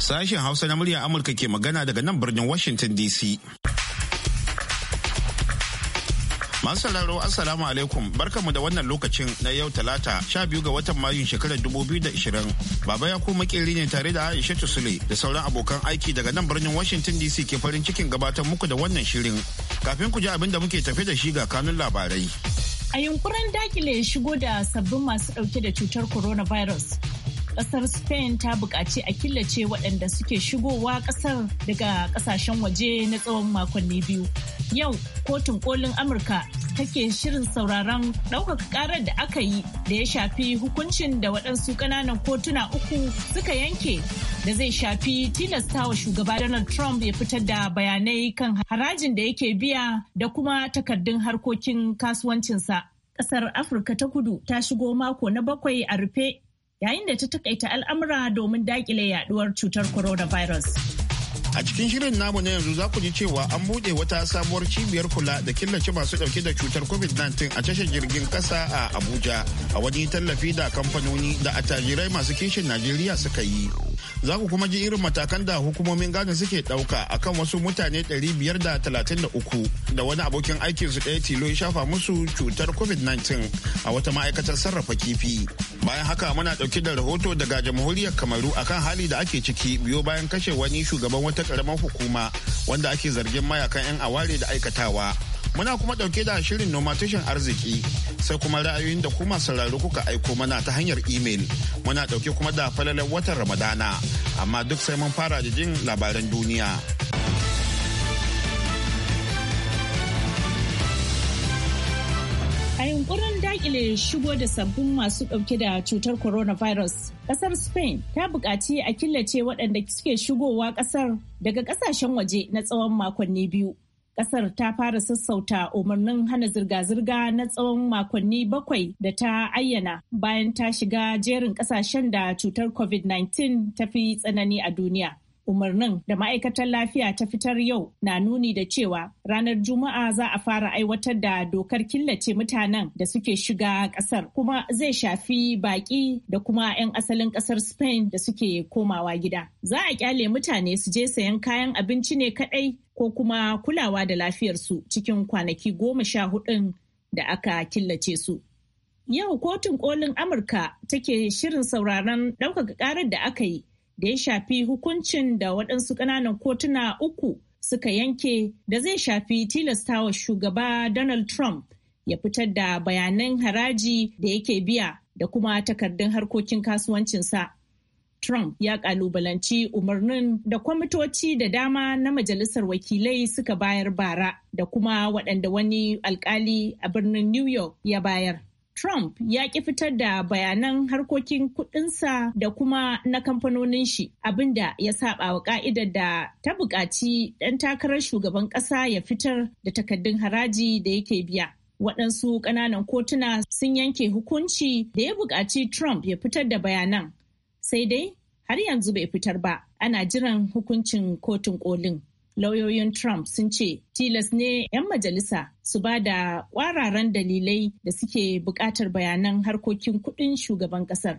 Sashen Hausa na muryar Amurka ke magana daga nan birnin Washington DC. Masu sauraro Assalamu alaikum barkamu da wannan lokacin na yau talata sha biyu ga watan Mayu shekarar dubu biyu da 2020. Baba ya kuma makeri ne tare da Aisha Sule da sauran abokan aiki daga nan birnin Washington DC ke farin cikin gabatar muku da wannan shirin. Kafin ku ji abin da muke tafe da shi ga kanun labarai. A yunkurin dakile shigo da sabbin masu dauke da cutar coronavirus, kasar spain ta buƙaci a killace waɗanda suke shigowa ƙasar daga ƙasashen waje na tsawon makonni biyu yau kotun kolin amurka take shirin sauraron ɗaukaka ƙarar da aka yi da ya shafi hukuncin da waɗansu ƙananan kotuna uku suka yanke da zai shafi tilastawa shugaba donald trump ya fitar da bayanai kan harajin da yake biya da kuma takardun harkokin kasuwancinsa ƙasar afirka ta kudu ta shigo mako na bakwai a rufe yayin da ta takaita al'amura domin dakile yaduwar cutar coronavirus. A cikin shirin namu na yanzu za ku ji cewa an buɗe wata sabuwar cibiyar kula da killace masu ɗauke da cutar COVID-19 a tashar jirgin ƙasa a Abuja a wani tallafi da kamfanoni da attajirai masu kishin Najeriya suka yi. za ku kuma ji irin matakan da hukumomin gaza suke ɗauka akan wasu mutane 533 da wani abokin aikin su ɗaya tilo ya shafa musu cutar COVID-19 a wata ma'aikatar sarrafa kifi. Bayan haka muna ɗauke da rahoto daga jamhuriyar Kamaru akan hali da ake ciki biyo bayan kashe wani shugaban wata ƙaramar hukuma wanda ake zargin mayakan 'yan aware da aikatawa. Muna kuma ɗauke da shirin nomatishin arziki sai kuma ra'ayoyin da kuma sauraro kuka aiko mana ta hanyar imel. Muna ɗauke kuma da falalar watan Ramadana, amma duk sai mun fara da jin labaran duniya. A yunkurin dakile shigo da sabbin masu ɗauke da cutar coronavirus, ƙasar Spain ta buƙaci a killace waɗanda suke shigowa ƙasar daga ƙasashen waje na tsawon makonni biyu. kasar ta fara sassauta umarnin hana zirga-zirga na tsawon makonni bakwai da ta ayyana bayan ta shiga jerin kasashen da cutar covid-19 ta fi tsanani a duniya. umarnin da ma'aikatar lafiya ta fitar yau na nuni da cewa ranar juma'a za a fara aiwatar da dokar killace mutanen da suke shiga kasar kuma zai shafi baƙi da kuma 'yan asalin kasar spain da suke komawa gida za a kyale mutane su je sayan kayan abinci ne kaɗai. ko kuma kulawa da lafiyarsu cikin kwanaki goma sha hudun da aka killace su. Yau kotun kolin Amurka take shirin sauraron ɗaukaka ƙarar da aka yi da ya shafi hukuncin da waɗansu ƙananan kotuna uku suka yanke da zai shafi tilastawa shugaba Donald Trump ya fitar da bayanan haraji da yake biya da kuma takardun harkokin kasuwancinsa. Trump ya kalubalanci umarnin da kwamitoci da dama na Majalisar Wakilai suka bayar bara da kuma waɗanda wani alkali a birnin New York ya bayar. Trump ya ƙi fitar da bayanan harkokin kuɗinsa da kuma na kamfanonin shi abinda ya saba wa ka'idar da ta buƙaci ɗan takarar shugaban ƙasa ya fitar da takaddun haraji da yake biya. Waɗansu ƙananan kotuna sun yanke hukunci da ya buƙaci Trump ya fitar da bayanan sai dai har yanzu bai fitar ba ana jiran hukuncin kotun kolin lauyoyin trump sun ce tilas ne 'yan majalisa su ba da kwararan dalilai da suke buƙatar bayanan harkokin kuɗin shugaban ƙasar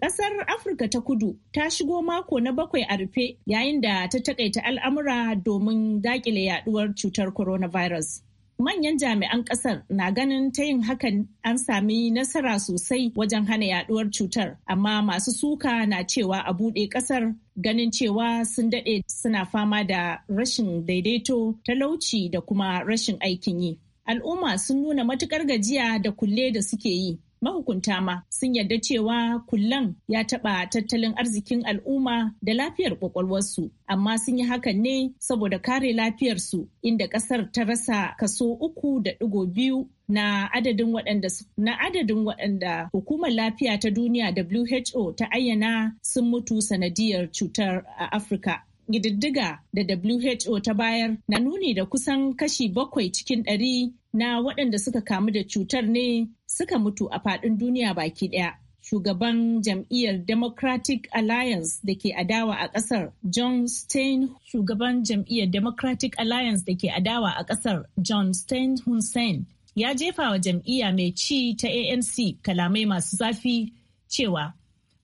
Ƙasar Afirka ta kudu ta shigo mako na bakwai a rufe yayin da ta taƙaita al'amura domin daƙile yaɗuwar cutar coronavirus. Manyan jami'an ƙasar na ganin ta yin hakan an sami nasara sosai wajen hana yaduwar cutar, amma masu suka na cewa a buɗe ƙasar, ganin cewa sun daɗe suna fama da rashin daidaito, talauci da kuma rashin aikin yi. Al'umma sun nuna matukar gajiya da kulle da suke yi, mahukunta ma sun yarda cewa kullan ya taɓa tattalin arzikin al'umma da lafiyar kwakwalwarsu amma sun yi hakan ne saboda kare lafiyarsu inda ƙasar ta rasa kaso uku da ɗigo biyu na adadin waɗanda na adadin waɗanda hukumar lafiya ta duniya WHO ta ayyana sun mutu sanadiyar cutar a Afirka. Ƙididdiga da WHO ta bayar na nuni da kusan kashi bakwai cikin ɗari na waɗanda suka kamu da cutar ne suka mutu a faɗin duniya baki ɗaya. Shugaban jam'iyyar Democratic Alliance da ke adawa a ƙasar John Stein Shugaban jam'iyyar Democratic Alliance da ke adawa a ƙasar John Stein Hussein ya jefa wa jam'iyya mai ci ta ANC kalamai masu zafi cewa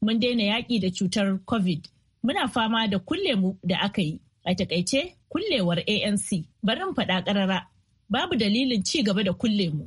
mun daina yaƙi da cutar COVID muna fama da kulle mu da aka yi a takaice kullewar anc barin faɗa ƙarara babu dalilin ci gaba da kulle mu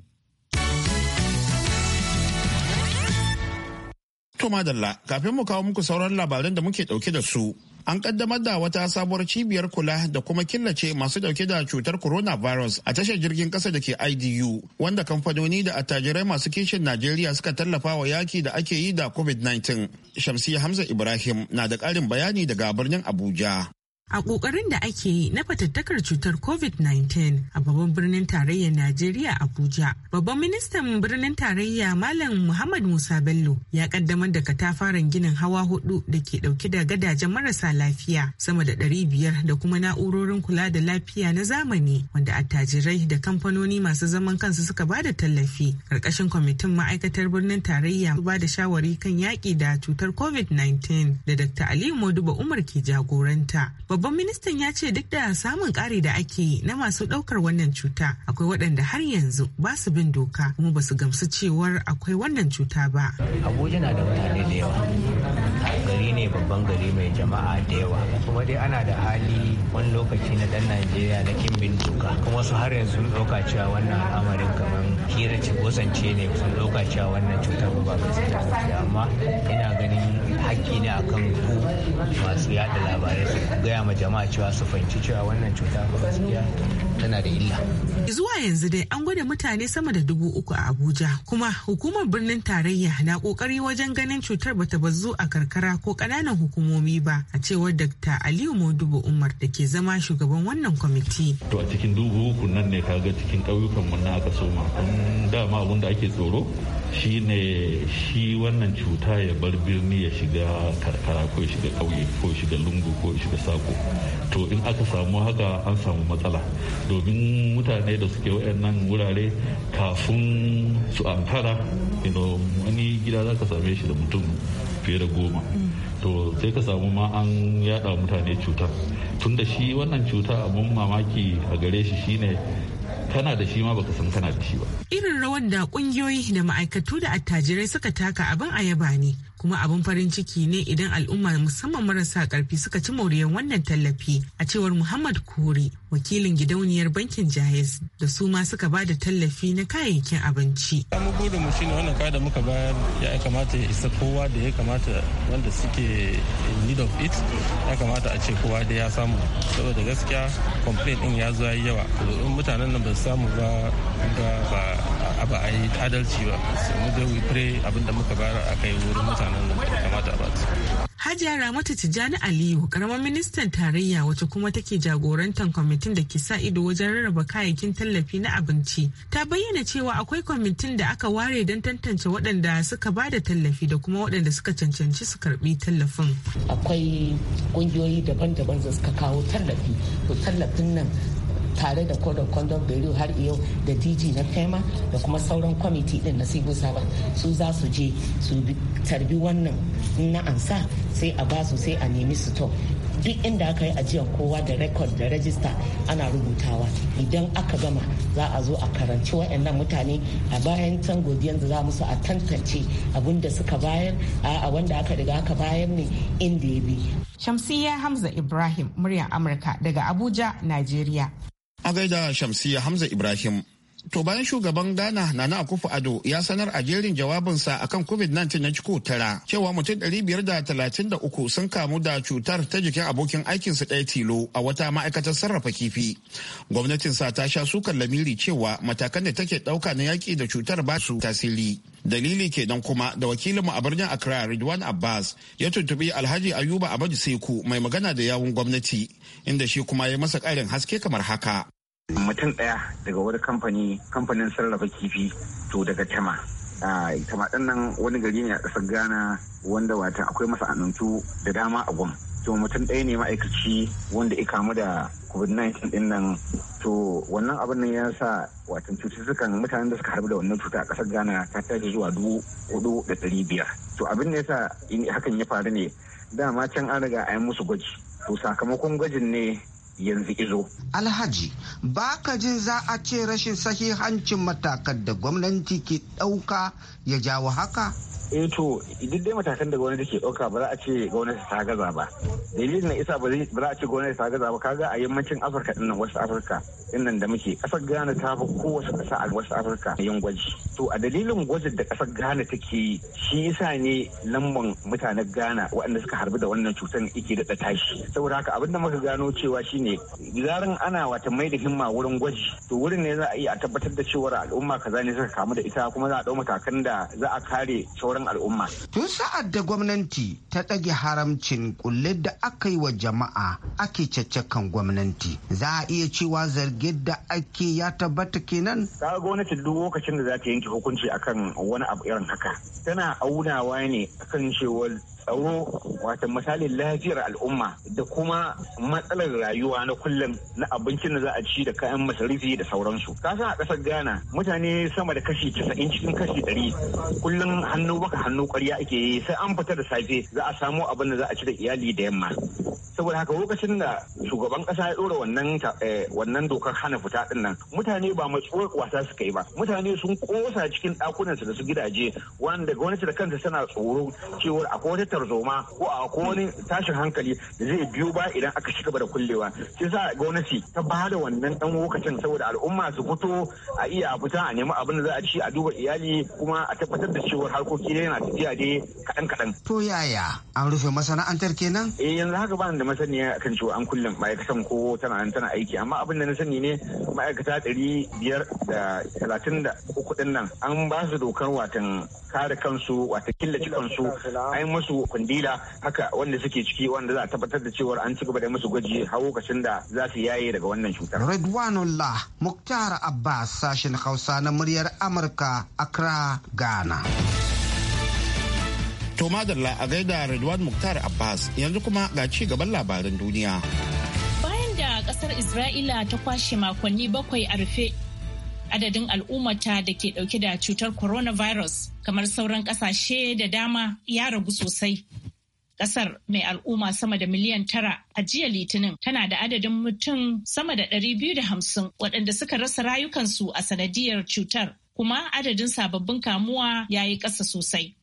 to madalla kafin mu kawo muku sauran labaran da muke ɗauke da su an kaddamar da wata sabuwar cibiyar kula da kuma killace masu dauke da cutar coronavirus a tashar jirgin kasa da ke IDU wanda kamfanoni da attajirai masu kishin Najeriya suka tallafa wa yaki da ake yi da COVID-19. Shamsiya Hamza Ibrahim na da ƙarin bayani daga birnin Abuja. A ƙoƙarin da ake yi na fatattakar cutar COVID-19 a babban birnin tarayyar Najeriya Abuja, babban ministan birnin tarayya Malam Muhammad Musa Bello ya kaddamar da katafaren ginin hawa hudu da ke dauke da gadajen marasa lafiya sama da ɗari biyar da kuma na'urorin kula da lafiya na zamani wanda attajirai da kamfanoni masu zaman kansu suka ba da tallafi ƙarƙashin kwamitin ma'aikatar birnin tarayya ba da shawari kan yaƙi da cutar COVID-19 da Dr. Aliyu Moduba Umar ke jagoranta. Babban ministan ya ce duk da samun ƙari da ake yi na masu ɗaukar wannan cuta akwai waɗanda har yanzu ba su bin doka kuma ba su gamsu cewar akwai wannan cuta ba. Abuja na da mutane da yawa. gari ne babban gari mai jama'a da yawa kuma dai ana da hali wani lokaci na dan najeriya na kin bin duka kuma wasu har yanzu sun ɗauka cewa wannan al'amarin kamar hira ce gosance ne sun ɗauka cewa wannan cutar ba gaskiya ba amma ina ganin haƙƙi ne akan ku masu yada labarai su gaya ma jama'a cewa su fahimci cewa wannan cuta ba gaskiya tana da illa. Zuwa yanzu dai an gwada mutane sama da dubu uku a Abuja kuma hukumar birnin tarayya na kokari wajen ganin cutar bata bazu a karkar karkara ko ƙananan hukumomi ba a cewar Dr. Aliyu Modubo Umar da ke zama shugaban wannan kwamiti. To a cikin dubu uku nan ne kaga cikin ƙauyukan mu na aka soma. dama abin da ake tsoro shi ne shi wannan cuta ya bar birni ya shiga karkara ko ya shiga ƙauye ko ya shiga lungu ko ya shiga sako to in aka samu haka an samu matsala domin mutane da suke wayannan wurare kafin su ankara wani gida za ka same shi da mutum fiye da goma to sai ka samu ma an yada mutane cutar tun da shi wannan cuta abun mamaki a gare shi shine kana da shi ma baka san kana da shi ba irin rawar da kungiyoyi da ma'aikatu da attajirai suka taka abin ayaba ne kuma abin farin ciki ne idan al'umma musamman marasa karfi suka ci moriyar wannan tallafi a cewar muhammad kori wakilin gidauniyar bankin jahis da su ma suka ba da tallafi na kayayyakin abinci mu burin mu shine wannan kaya da muka bayar ya kamata ya isa kowa da ya kamata wanda suke in need of it ya kamata a ce kowa da ya samu saboda gaskiya complaint din ya zo yawa in mutanen nan ba su samu ba ba ba a yi adalci ba mu dai we pray abin da muka bayar a kai wurin mutanen da kamata ba Hajiya Ramatu Tijjani Aliyu, karamar ministan tarayya wacce kuma take jagorantar kwamitin da ke sa ido wajen rarraba kayayyakin tallafi na abinci, ta bayyana cewa akwai kwamitin da aka ware don tantance waɗanda suka ba da tallafi da kuma waɗanda suka cancanci su karɓi tallafin. Akwai ƙungiyoyi daban-daban da suka kawo tallafi, to tallafin nan tare da code of conduct da har yau da dg na fema da kuma sauran kwamiti din na civil servant su za su je su tarbi wannan na ansa sai a ba su sai a nemi su to duk inda aka yi ajiyar kowa da record da register ana rubutawa idan aka gama za a zo a karanci waɗannan mutane a bayan can godiyar da za musu a tantance abin da suka bayar a wanda aka riga aka bayar ne inda ya bi. Shamsiyya Hamza Ibrahim muryar Amurka daga Abuja, nigeria. A gaida Shamsiya Hamza Ibrahim. To bayan shugaban Ghana Nana akufu Ado ya sanar a jerin jawabinsa akan COVID-19 na ciko tara cewa mutum biyar da da talatin uku sun kamu da cutar ta jikin abokin aikinsu ɗaya tilo a wata ma'aikatar sarrafa kifi. Gwamnatinsa ta sha sukar lamiri cewa matakan da take ɗauka na yaƙi da cutar ba su tasiri. Dalili kenan kuma da wakilinmu a birnin Accra Ridwan Abbas ya tuntuɓi Alhaji Ayuba Abadu Seku mai magana da yawun gwamnati inda shi kuma ya masa ƙarin haske kamar haka. mutum ɗaya daga wani kamfani kamfanin sarrafa kifi to daga tama tama ɗin nan wani gari ne a ƙasar ghana wanda wata akwai masana'antu da dama a gwam to mutum ɗaya ne ma'aikaci wanda ya kamu da covid-19 ɗin nan to wannan abin nan ya sa watan cututtukan mutanen da suka harbi da wannan cuta a ƙasar ghana ta tashi zuwa dubu hudu da ɗari biyar to abin da ya sa hakan ya faru ne dama can an riga a yi musu gwaji to sakamakon gwajin ne yanzu izo. Alhaji, ba ka jin za a ce rashin sahihancin matakan da gwamnati ke ɗauka ya jawo haka? eh to duk dai matakan da gwamnati ke ɗauka ba za a ce gwamnati ta gaza ba dalilin na isa ba za a ce gwamnati ta gaza ba kaga a yammacin afirka din nan wasu afirka din nan da muke ƙasar ghana ta fi kowace kasa a wasu afirka yin gwaji to a dalilin gwajin da kasar ghana take yi shi yasa ne lamban mutanen ghana waɗanda suka harbi da wannan cutar yake da tashi saboda haka abin da muka gano cewa shine zaran ana wata mai da himma wurin gwaji to wurin ne za a iya a tabbatar da cewa al'umma kaza ne suka kamu da ita kuma za a ɗau matakan da za a kare sauran sauran al'umma. Tun sa'ad da gwamnati ta ɗage haramcin kulle da aka yi wa jama'a ake caccakan gwamnati za a iya cewa zarge da ake ya tabbata kenan. Ka gwamnati duk lokacin da za ta yanke hukunci akan wani abu irin haka tana aunawa ne akan cewar tsaro wata misalin lafiyar al'umma da kuma matsalar rayuwa na kullum na abincin da za a ci da kayan masarufi da sauransu kasan a ƙasar ghana mutane sama da kashi 90 cikin kashi ɗari kullum hannu maka hannu ƙwarya ake yi sai an fita da safe za a samo abin da za a ci da iyali da yamma saboda haka lokacin da shugaban kasa ya dora wannan eh, wannan dokar hana fita din nan mutane ba matsuwar wasa suka yi ba mutane sun kosa cikin dakunan su da su gidaje wanda gwamnati da kanta tana tsoro cewa akwai wata tarzoma ko akwai wani tashin hankali da zai biyo ba idan aka ci gaba da kullewa shi sa gwamnati ta ba da wannan dan lokacin saboda al'umma su fito a iya fita a nemi abin da za a ci a duba iyali kuma a tabbatar da cewar harkoki yana tafiya dai kaɗan kaɗan. To yaya an rufe masana'antar kenan? Eh yanzu haka ba da masaniya kan cewa an kullum ma'aikatan ko tana nan tana aiki amma abin da na sani ne ma'aikata ɗari biyar da talatin da uku ɗin nan an ba su dokar watan kare kansu wata killace kansu an musu kundila haka wanda suke ciki wanda za a tabbatar da cewar an ci gaba da musu gwaji har lokacin da za su yaye daga wannan cutar. Redwanullah Muktar Abbas sashen Hausa na muryar Amurka Accra Ghana. To madalla a gaida Redwan Muktar Abbas yanzu kuma ga ci gaban labaran duniya. Bayan da kasar Isra'ila ta kwashe makonni bakwai a rufe adadin al'ummata da ke dauke da cutar coronavirus kamar sauran kasashe da dama ya ragu sosai. Kasar mai al'umma sama da miliyan tara a jiya litinin tana da adadin mutum sama da 250 waɗanda suka rasa rayukansu a sanadiyar cutar kuma adadin sababbin kamuwa ya yi ƙasa sosai.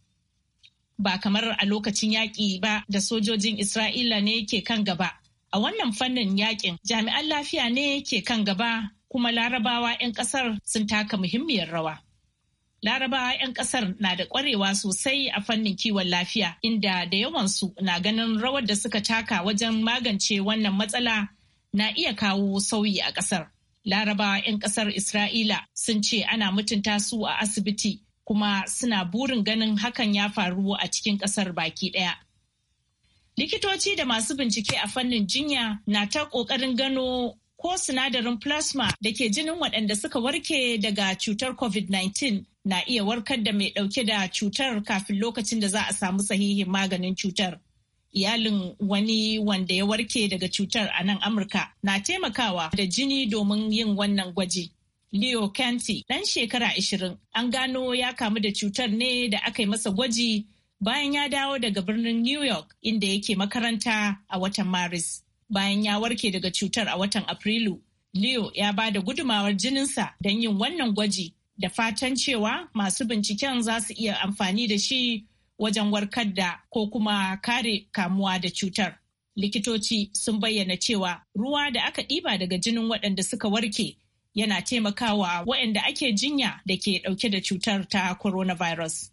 ba kamar a lokacin yaƙi ba da sojojin Isra'ila ne ke kan gaba. A wannan fannin yaƙin jami'an lafiya ne ke kan gaba kuma larabawa 'yan ƙasar sun taka muhimmiyar rawa. Larabawa 'yan ƙasar na da ƙwarewa sosai a fannin kiwon lafiya inda da yawansu na ganin rawar da suka taka wajen magance wannan matsala na iya kawo sauyi a ƙasar. Larabawa 'yan ƙasar Isra'ila sun ce ana mutunta su a asibiti kuma suna burin ganin hakan ya faru a cikin ƙasar baki ɗaya. Likitoci da masu bincike a fannin jinya na ta ƙoƙarin gano ko sinadarin plasma da ke jinin waɗanda suka warke daga cutar COVID-19 na iya warkar da mai ɗauke da cutar kafin lokacin da za a samu sahihin maganin cutar. Iyalin wani wanda ya warke daga cutar a nan Amurka na taimakawa da jini domin yin wannan gwaji. Leo Kanti ɗan shekara 20 an gano ya kamu da cutar ne da aka yi masa gwaji bayan ya dawo daga birnin New York inda yake makaranta a watan Maris. Bayan ya warke daga cutar a watan Afrilu, Leo ya ba da gudumawar jininsa don yin wannan gwaji da fatan cewa masu binciken za su iya amfani da shi wajen warkar da ko kuma kare kamuwa da cutar. Likitoci sun bayyana cewa ruwa da aka ɗiba daga jinin waɗanda suka warke yana taimakawa waɗanda ake jinya da ke ɗauke da cutar ta coronavirus.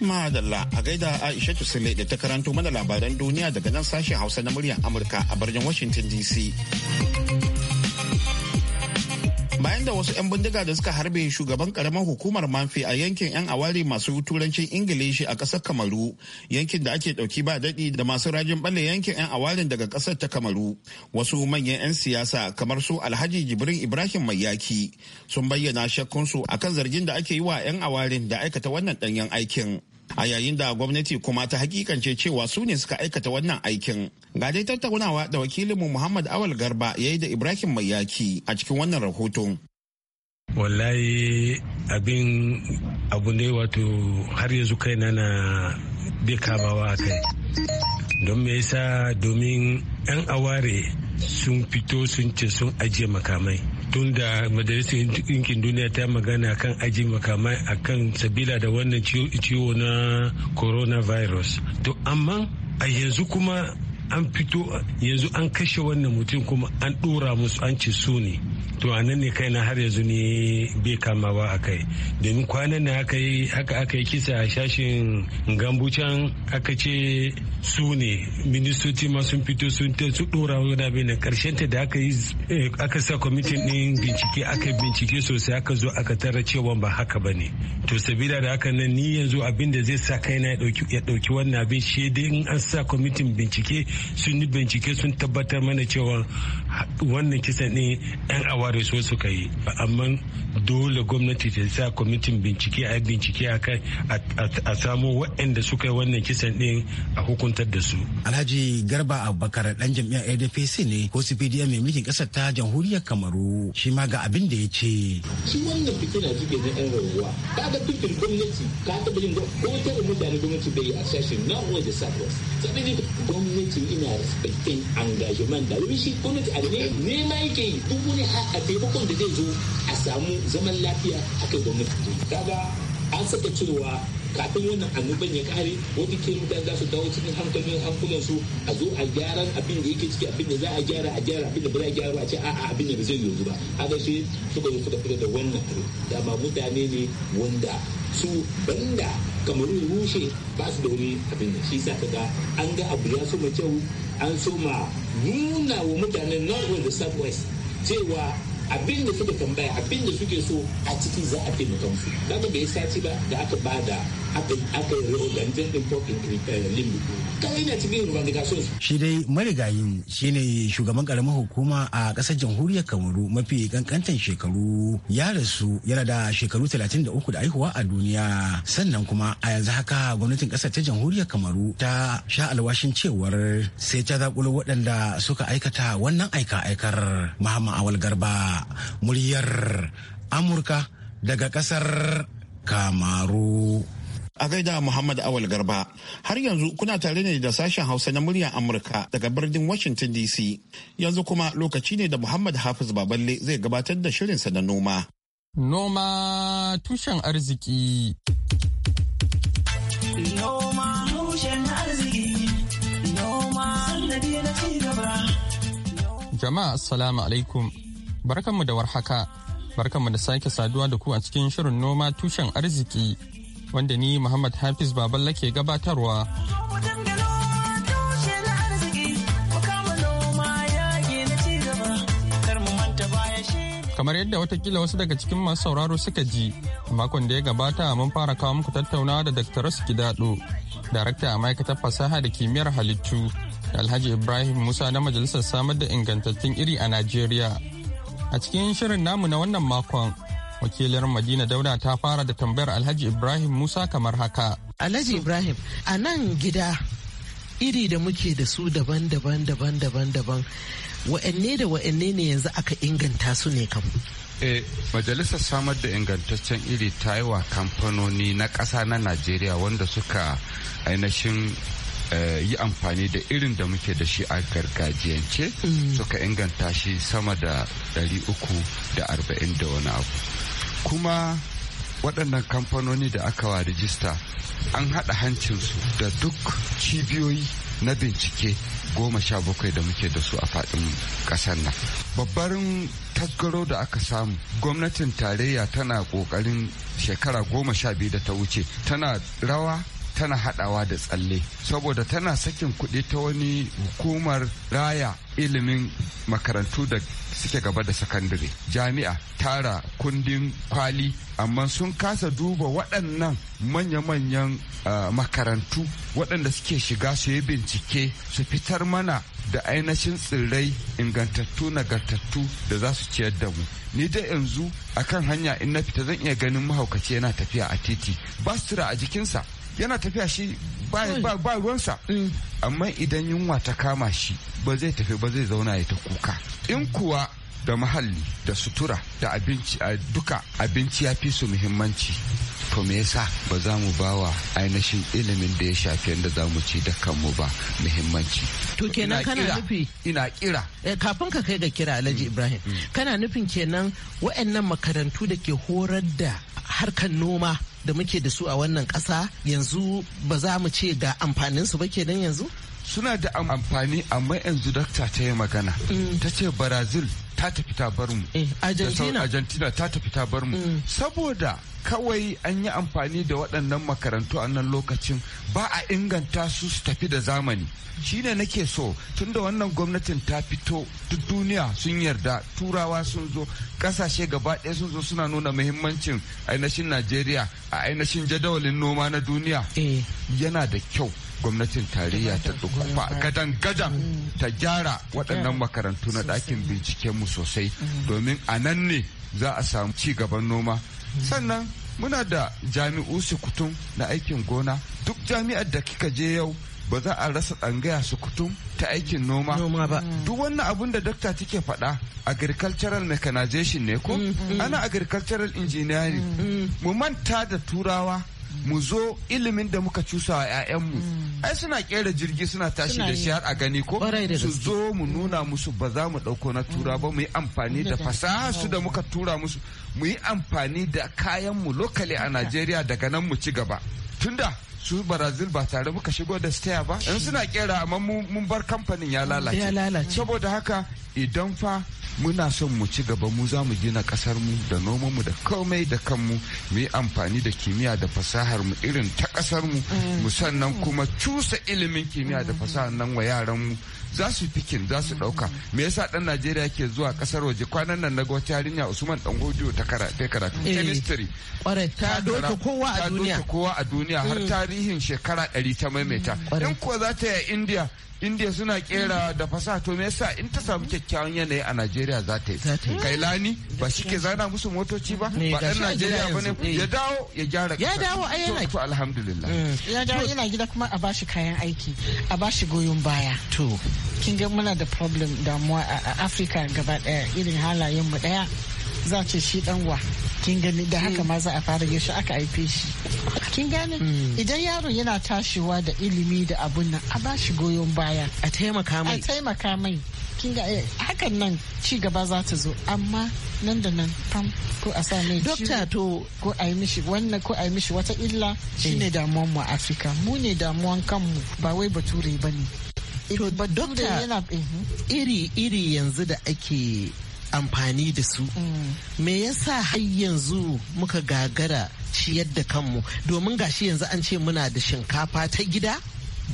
Madalla a gaida Aisha Tusile da ta karanto mana labaran duniya daga nan sashen Hausa na muryar Amurka a birnin Washington DC. bayan da wasu 'yan bindiga da suka harbe shugaban karamar hukumar manfi a yankin 'yan awari masu turancin ingilishi a ƙasar kamaru yankin da ake ɗauki ba daɗi da masu rajin balle yankin 'yan awarin daga kasar ta kamaru wasu manyan 'yan siyasa kamar su alhaji jibrin ibrahim mai yaki sun bayyana shakkunsu akan zargin da ake yi wa 'yan awarin da aikata wannan ɗanyen aikin a yayin da gwamnati kuma ta hakikance cewa su ne suka aikata wannan aikin ga dai tattaunawa da wakilinmu muhammad awal garba ya yi da ibrahim mai yaki a cikin wannan rahoton wallahi abin abu ne wato har yanzu kai na bai kamawa a kai don me yasa domin 'yan aware sun fito sun ce sun ajiye makamai tun da majalisar ɗinkin duniya ta magana kan aji makamai a kan sabila da wannan ciwo na coronavirus to amma a yanzu kuma an fito yanzu an kashe wannan mutum kuma an ɗora musu an ci su ne to a nan ne kaina har yanzu ne bai kamawa a kai domin kwanan ne haka aka yi kisa a shashin gambucan aka ce su ne ministoci ma sun fito sun ta su dora wani abin da karshen ta da aka yi eh, aka sa kwamitin din bincike aka bincike sosai aka zo aka tara cewa ba haka ba ne to sabida da haka nan ni yanzu abin da zai sa kai na ya ɗauki wannan abin shi dai in an sa kwamitin bincike sun yi bincike sun tabbatar mana cewa wannan kisan ne yan aware so suka yi amma dole gwamnati ta sa kwamitin bincike a bincike a kai a samu waɗanda suka yi wannan kisan ne a hukuntar da su. Alhaji Garba Abubakar dan jami'a ADPC ne ko CPDM mai mulkin ƙasar ta jamhuriyar Kamaru shi ma ga abin da ya ce. Shi wannan fitina suke na yan rayuwa ka ga fitin gwamnati ka taɓa yin da mutane gwamnati bai a sashen na wajen sabon. Sabini gwamnati ina respecting engagement da wani shi gwamnati a ne na yake yi duk wani a taimakon da zai zo a samu zaman lafiya a kai gwamnati kaga an saka cewa kafin wannan annoban ya kare wata ke mutane za su dawo cikin hankalin hankulan su a zo a gyara abin da yake ciki abin da za a gyara a gyara abin da ba za a gyara a ce a'a abin da ba zai yanzu ba haka shi suka zo suka fita da wannan dama mutane ne wanda su banda kamar ya rushe ba su da wani abin da shi sa ga an ga abu ya soma kyau an soma nuna wa mutanen northern da southwest cewa abin da suka tambaya abin da suke so a ciki za a taimaka musu ba ya sace ba da aka ba da aka yi eh, shi dai marigayin shine shugaban karamar hukuma a kasar jamhuriyar kamaru mafi kankantan shekaru ya rasu yana da shekaru 33 da aihuwa a duniya sannan kuma a yanzu haka gwamnatin kasar ta jamhuriyar kamaru ta sha alwashin cewar sai ta zakulo waɗanda suka aikata wannan aika-aikar muhammad awal garba muryar amurka daga kasar kamaru A gaida Muhammad Awal Garba, har yanzu kuna tare ne da sashen Hausa na muryar Amurka daga birnin Washington DC. Yanzu kuma lokaci ne da Muhammad Hafiz Baballe zai gabatar da shirinsa na noma. Noma tushen arziki. Jama'a Assalamu alaikum. Barkanmu da warhaka. Barkanmu da sake saduwa da ku a cikin shirin noma tushen arziki wanda ni Muhammad Hafiz Baballa ke gabatarwa. Kamar yadda watakila wasu daga cikin masu sauraro suka ji, makon da ya gabata mun fara kawo muku tattaunawa da Dr. daɗo darakta a ma'aikatar fasaha da kimiyyar halittu, da Alhaji Ibrahim Musa na Majalisar Samar da Ingantattun Iri a Najeriya. A cikin shirin namu na wannan makon, wakilar madina dauda ta fara da tambayar alhaji ibrahim musa kamar haka alhaji ibrahim a nan gida iri da muke da su daban-daban daban-daban daban wa'anne da wa'anne ne yanzu aka inganta su ne kam e majalisar samar da ingantaccen iri ta yi wa kamfanoni na ƙasa na najeriya wanda suka ainihin eh, yi amfani da irin da muke da shi a gargajiyance mm. suka inganta shi sama da 340 da wani abu kuma waɗannan kamfanoni da aka wa rijista an haɗa hancinsu da duk cibiyoyi na bincike goma sha bakwai da muke da su a faɗin ƙasar nan babbarin tasgaro da aka samu gwamnatin tarayya tana ƙoƙarin shekara goma sha biyu da ta wuce tana rawa tana haɗawa da tsalle saboda tana sakin kuɗi ta wani hukumar raya ilimin makarantu da suke gaba da sakandare jami'a tara kundin kwali amma sun kasa duba waɗannan manya-manyan ah, makarantu waɗanda suke shiga su yi bincike su fitar mana da ainihin tsirrai ingantattu nagartattu da za su ciyar da mu ni da yanzu akan hanya in na fita zan iya ganin mahaukaci yana tafiya a titi ba su a jikinsa yana tafiya shi ba ruwansa mm. amma idan yunwa ta kama shi ba zai tafi ba zai zauna ya ta kuka in kuwa da muhalli da sutura da abinci a duka abinci ya fi su muhimmanci to me yasa ba za mu ba wa ainihin ilimin da ya shafi yadda za mu ci da kanmu ba muhimmanci to kenan kana nufi ina kira eh, kafin ka kai ga kira alhaji mm. ibrahim mm. kana nufin kenan wa'annan makarantu da ke horar da harkar noma da muke da su a wannan ƙasa yanzu ba za mu ce ga amfaninsu ba kenan yanzu? Suna da amfani amma yanzu dakta ta yi magana. Mm. Ta ce Brazil ta tafi ta bar mu. Eh, Argentina. Argentina ta tafi ta bar mu. Mm. Saboda kawai an yi amfani da waɗannan makarantu a nan lokacin ba a inganta su su tafi da zamani shi shine nake so tun da wannan gwamnatin ta fito duk duniya sun yarda turawa sun zo kasashe gaba ɗaya sun zo suna nuna muhimmancin ainihin najeriya a ainihin jadawalin noma na duniya eh. yana da kyau gwamnatin tarayya ta dukufa gadan gadan mm. ta gyara waɗannan makarantu na ɗakin binciken mu sosai mm. domin a nan ne za a samu ci gaban noma sannan muna da jami'u sukutum na aikin gona duk jami'ar da kika je yau ba za a rasa tsangaya sukutum ta aikin noma ba duk wannan abun da dokta take faɗa agricultural mechanization ne ko mm, mm. ana agricultural engineering mm, mu manta da turawa mu zo ilimin da muka cusa wa 'ya'yanmu mm. ai suna kera jirgi suna tashi da shi har a gani ko su zo mu nuna musu ba za mu ɗauko na tura ba mu yi amfani mm. da fasaha su da muka tura musu mu yi amfani da kayan mu lokali a najeriya daga nan mu ci gaba tunda su brazil ba tare muka shigo da staya ba in suna kera amma mun bar kamfanin ya lalace saboda haka idan fa muna son mu ci gaba mu za mu gina kasar mu da noman mu da komai da kanmu mu yi amfani da kimiyya da fasahar mu irin ta kasar mu mm. mu sannan mm. kuma cusa ilimin kimiyya da fasahar nan wa yaran mu za su fikin za su dauka mm. me yasa dan Najeriya ke zuwa kasar waje kwanan nan ga wata yarinya Usman dan Godiyo ta karatu karatu eh. chemistry ta doka kowa a duniya kowa a duniya har tarihin shekara 100 ta maimaita dan kuwa za ta yi India indiya suna kera da fasaha to me yasa in ta samu kyakkyawan yanayi a najeriya za ta yi lani ba shi ke zana musu motoci ba ba dan najeriya ba ne ya dawo ya gyara ya dawo a yana to alhamdulillah mm, ya dawo yana gida kuma a bashi kayan aiki a bashi goyon baya to kin ga muna da problem damuwa a afirka gaba daya irin halayen mu daya za ce shi dan wa kin gani da haka mm. ma za a fara yaushe aka haife shi kin gane mm. idan yaro yana tashiwa da ilimi da abun nan a bashi goyon baya a taimaka mai a taimaka mai kin ga eh, hakan nan ci gaba za ta zo amma nan da nan fam ko a sa mai dokta to ko a yi mishi wannan ko a yi mishi wata illa shine eh. damuwan mu a Afirka mu ne damuwan kanmu ba wai bature bane to ba dokta yana mhm. iri iri yanzu da ake amfani da su me yasa har yanzu muka gagara ciyar da kanmu domin ga shi yanzu an ce muna da shinkafa ta gida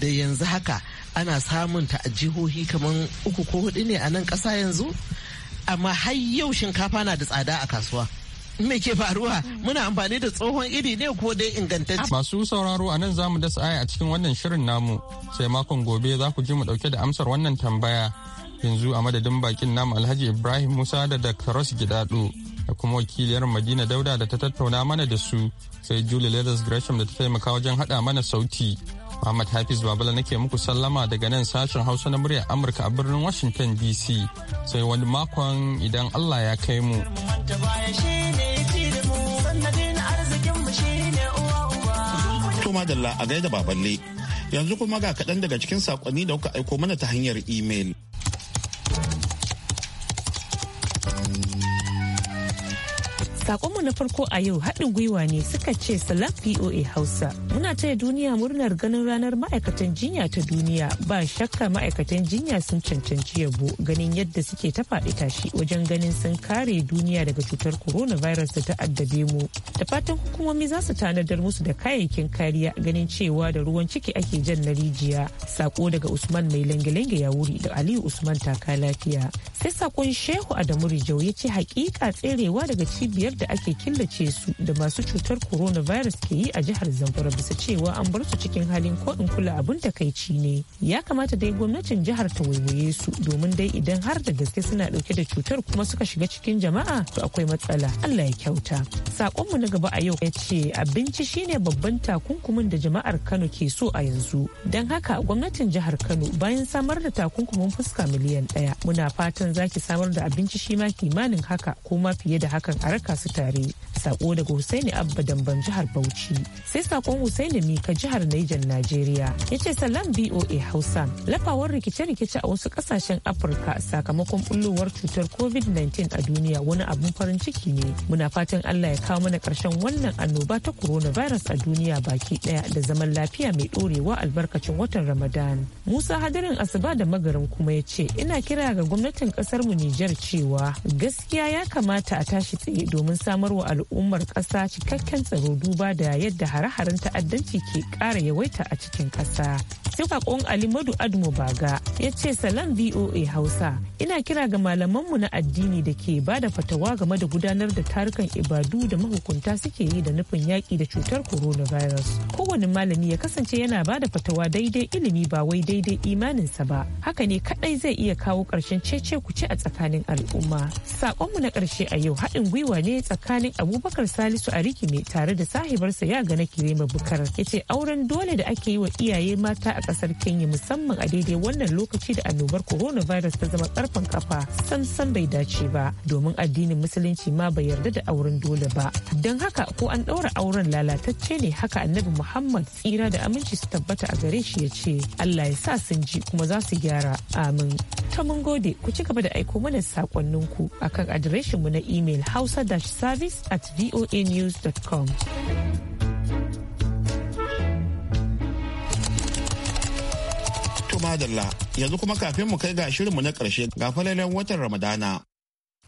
da yanzu haka ana samun ta a jihohi kamar uku ko hudu ne a nan ƙasa yanzu amma har yau shinkafa na da tsada a kasuwa me ke faruwa muna amfani da tsohon iri ne ko dai ingantacce. Masu sauraro a nan zamu dasa aya a cikin wannan shirin namu sai makon gobe za ku ji mu dauke da amsar wannan tambaya yanzu a madadin bakin namu alhaji ibrahim musa da dr ross gidado da kuma wakiliyar madina dauda da ta tattauna mana da su sai julie leathers gresham da ta taimaka wajen hada mana sauti muhammad hafiz babala nake muku sallama daga nan sashen hausa na muryar amurka a birnin washington dc sai wani makon idan allah ya kai mu madalla a gaida baballe yanzu kuma ga kaɗan daga cikin saƙonni da kuka aiko mana ta hanyar imel. Sakonmu na farko a yau haɗin gwiwa ne suka ce salam poa Hausa. Muna taya duniya murnar ganin ranar ma'aikatan jinya ta duniya ba shakka ma'aikatan jinya sun cancanci yabo ganin yadda suke ta faɗi tashi wajen ganin sun kare duniya daga cutar coronavirus da ta addabe mu. Da fatan hukumomi za su tanadar musu da kayayyakin kariya ganin cewa da ruwan ciki ake jan na rijiya. Sako daga Usman mai lange-lange ya wuri da Aliyu Usman taka lafiya. Sai sakon Shehu Adamu Rijau ya ce hakika tserewa daga cibiyar yadda ake killace su da masu cutar coronavirus ke yi a jihar zamfara bisa cewa an bar su cikin halin ko in kula abin takaici ne ya kamata dai gwamnatin jihar ta waiwaye su domin dai idan har da gaske suna dauke da cutar kuma suka shiga cikin jama'a to akwai matsala allah ya kyauta sakonmu na gaba a yau ya ce abinci shine babban takunkumin da jama'ar kano ke so a yanzu don haka gwamnatin jihar kano bayan samar da takunkumin fuska miliyan ɗaya muna fatan zaki samar da abinci shi ma kimanin haka ko ma fiye da hakan a raka su tare sako daga Husaini Abba Damban jihar Bauchi sai sakon Husaini Mika jihar Niger Najeriya yace salam BOA Hausa lafawar rikice-rikice a wasu kasashen Afirka sakamakon bullowar cutar COVID-19 a duniya wani abun farin ciki ne muna fatan Allah ya kawo mana karshen wannan annoba ta coronavirus a duniya baki daya da zaman lafiya mai dorewa albarkacin watan Ramadan Musa Hadarin Asuba da Magarin kuma ya ce ina kira ga gwamnatin kasar mu Nijar cewa gaskiya ya kamata a tashi tsaye domin domin samar wa al'ummar ƙasa cikakken tsaro duba da yadda hare-haren ta'addanci ke ƙara yawaita a cikin ƙasa. sai ali alimadu admu baga ya ce salam voa hausa ina kira ga malamanmu na addini da ke ba da fatawa game da gudanar da tarukan ibadu da mahukunta suke yi da nufin yaƙi da cutar coronavirus kowane malami ya kasance yana ba da fatawa daidai ilimi ba wai daidai imaninsa ba haka ne kadai zai iya kawo ƙarshen cece kuce a tsakanin al'umma saƙonmu na ƙarshe a yau haɗin gwiwa ne tsakanin abubakar salisu a rikime tare da sahibarsa ya ga na kirema bukar ya ce auren dole da ake yi wa iyaye mata a kasar kenya musamman a daidai wannan lokaci da annobar coronavirus ta zama karfin kafa sansan bai dace ba domin addinin musulunci ma bai yarda da auren dole ba don haka ko an ɗaura auren lalatacce ne haka annabi muhammad tsira da aminci su tabbata a gare shi ya ce allah ya sa sun ji kuma za su gyara amin ta mun gode ku ci gaba da aiko mana sakonninku akan adireshinmu na email hausa-service at voanews.com madalla yanzu kuma kafin mu kai ga mu na ƙarshe ga falalen watan Ramadana.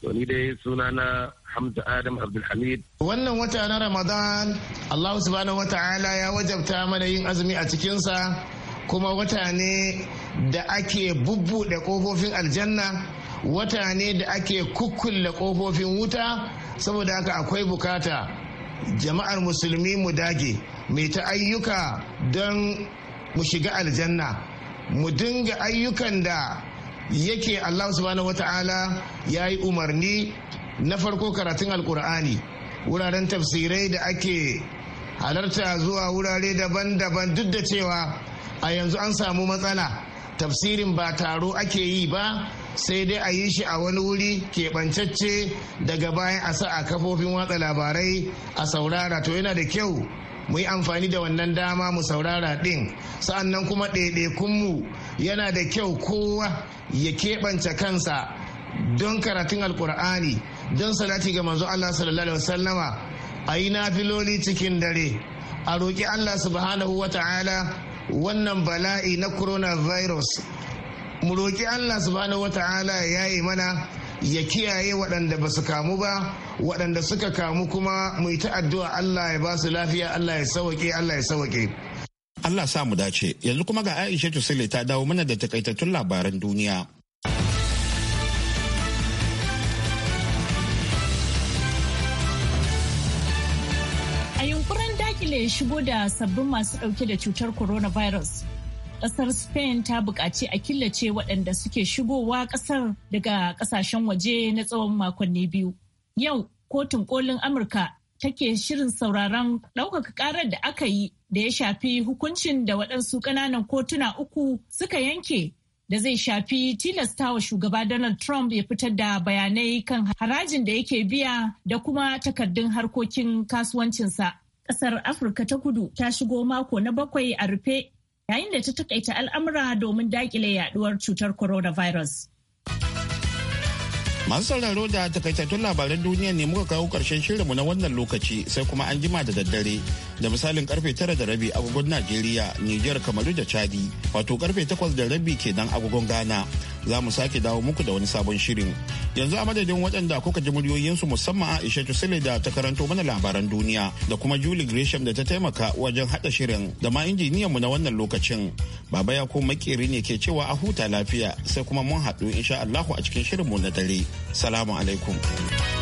To ni dai sunana Hamza Adam Abdulhamid. Wannan wata na Ramadan Allah subhanahu wata'ala ya wajabta mana yin azumi a cikinsa kuma wata ne da ake bubbuɗe ƙofofin aljanna wata ne da ake kukkulle ƙofofin wuta saboda haka akwai bukata jama'ar musulmi mu dage mai ta ayyuka don mu shiga aljanna mu dinga ayyukan da yake Allah subhanahu wata'ala ya yi umarni na farko karatun alkur'ani wuraren tafsirai da ake halarta zuwa wurare daban-daban duk da cewa a yanzu an samu matsala tafsirin ba taro ake yi ba sai dai a yi shi a wani wuri keɓancacce daga bayan a sa a kafofin watsa labarai a saurara to yana da kyau mu yi amfani da wannan dama mu saurara ɗin sa'annan kuma mu yana da kyau kowa ya keɓance kansa don karatun Alƙur'ani don salati ga manzo allah sallallahu alaihi wasallama a yi nafiloli cikin dare a roƙi allah subhanahu wa ta'ala wannan bala'i na coronavirus mu roƙi allah subhanahu wa ta'ala ya yi mana ya kiyaye waɗanda ba su kamu ba waɗanda suka kamu kuma mu yi ta Allah ya ba su lafiya Allah ya sauke Allah ya sauke Allah sa mu dace yanzu kuma ga Aisha Tusile ta dawo mana da takaitattun labaran duniya A yunkurin dakile shigo da sabbin masu ɗauke da cutar coronavirus kasar spain ta buƙaci a killace waɗanda suke shigowa ƙasar daga ƙasashen waje na tsawon makonni biyu yau kotun kolin amurka take shirin sauraron ɗaukaka ƙarar da aka yi da ya shafi hukuncin da waɗansu ƙananan kotuna uku suka yanke da zai shafi tilasta wa shugaba Donald Trump ya fitar da bayanai kan harajin da yake biya da kuma takardun harkokin kasuwancinsa. Ƙasar Afirka ta kudu ta shigo mako na bakwai a rufe yayin da ta takaita al'amura domin dakile yaduwar cutar coronavirus. Masu sauraro da takaitattun labaran duniya ne muka kawo karshen shirinmu na wannan lokaci sai kuma an jima da daddare da misalin karfe tara da rabi agogon Najeriya, Nijar, Kamaru da Chadi, wato karfe takwas da rabi kenan agogon Ghana. Za mu sake dawo muku da wani sabon shirin. Yanzu a madadin waɗanda kuka ji muryoyinsu musamman Aisha Tusile da ta karanto mana labaran duniya da kuma Julie Gresham da ta taimaka wajen haɗa shirin da ma injiniyanmu na wannan lokacin. Baba ya ko Makeri ne ke cewa a huta lafiya sai kuma mun haɗu insha Allahu a cikin shirinmu na dare. Salamu alaikum.